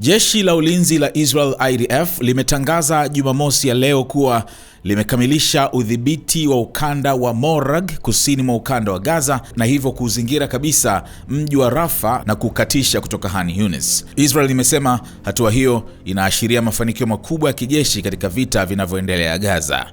Jeshi la ulinzi la Israel IDF limetangaza Jumamosi ya leo kuwa limekamilisha udhibiti wa ukanda wa Morag kusini mwa ukanda wa Gaza na hivyo kuuzingira kabisa mji wa Rafa na kukatisha kutoka Han Yunis. Israel imesema hatua hiyo inaashiria mafanikio makubwa ya kijeshi katika vita vinavyoendelea Gaza.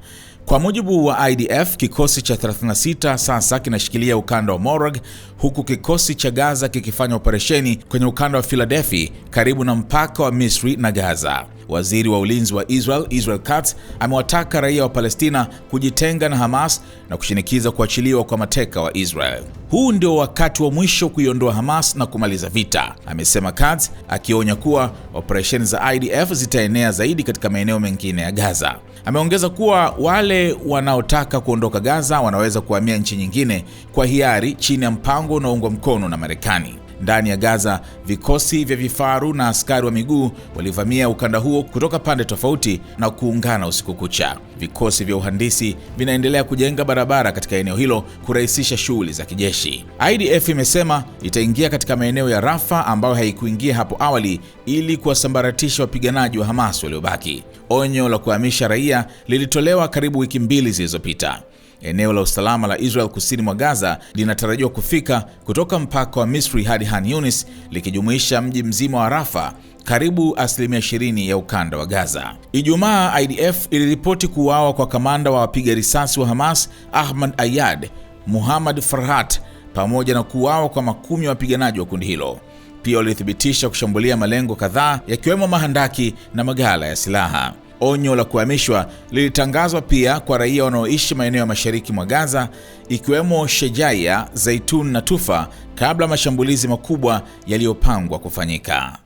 Kwa mujibu wa IDF, kikosi cha 36 sasa kinashikilia ukanda wa Morag, huku kikosi cha Gaza kikifanya operesheni kwenye ukanda wa Philadelphia karibu na mpaka wa Misri na Gaza. Waziri wa ulinzi wa Israel, Israel Katz, amewataka raia wa Palestina kujitenga na Hamas na kushinikiza kuachiliwa kwa mateka wa Israel huu ndio wakati wa mwisho kuiondoa Hamas na kumaliza vita, amesema Katz, akionya kuwa operesheni za IDF zitaenea zaidi katika maeneo mengine ya Gaza. Ameongeza kuwa wale wanaotaka kuondoka Gaza wanaweza kuhamia nchi nyingine kwa hiari chini ya mpango unaoungwa mkono na Marekani. Ndani ya Gaza, vikosi vya vifaru na askari wa miguu walivamia ukanda huo kutoka pande tofauti na kuungana usiku kucha. Vikosi vya uhandisi vinaendelea kujenga barabara katika eneo hilo kurahisisha shughuli za kijeshi. IDF imesema itaingia katika maeneo ya Rafa ambayo haikuingia hapo awali ili kuwasambaratisha wapiganaji wa Hamas waliobaki. Onyo la kuhamisha raia lilitolewa karibu wiki mbili zilizopita. Eneo la usalama la Israel kusini mwa Gaza linatarajiwa kufika kutoka mpaka wa Misri hadi Han Yunis, likijumuisha mji mzima wa Rafa, karibu asilimia 20 ya ukanda wa Gaza. Ijumaa, IDF iliripoti kuuawa kwa kamanda wa wapiga risasi wa Hamas Ahmad Ayad Muhammad Farhat pamoja na kuuawa kwa makumi ya wapiganaji wa kundi hilo. Pia walithibitisha kushambulia malengo kadhaa yakiwemo mahandaki na maghala ya silaha. Onyo la kuhamishwa lilitangazwa pia kwa raia wanaoishi maeneo ya mashariki mwa Gaza, ikiwemo shejaia Zaitun na Tufa kabla mashambulizi makubwa yaliyopangwa kufanyika.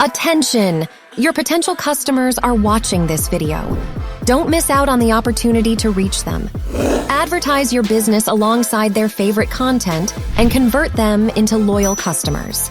Attention, your potential customers are watching this video. Don't miss out on the opportunity to reach them. Advertise your business alongside their favorite content and convert them into loyal customers.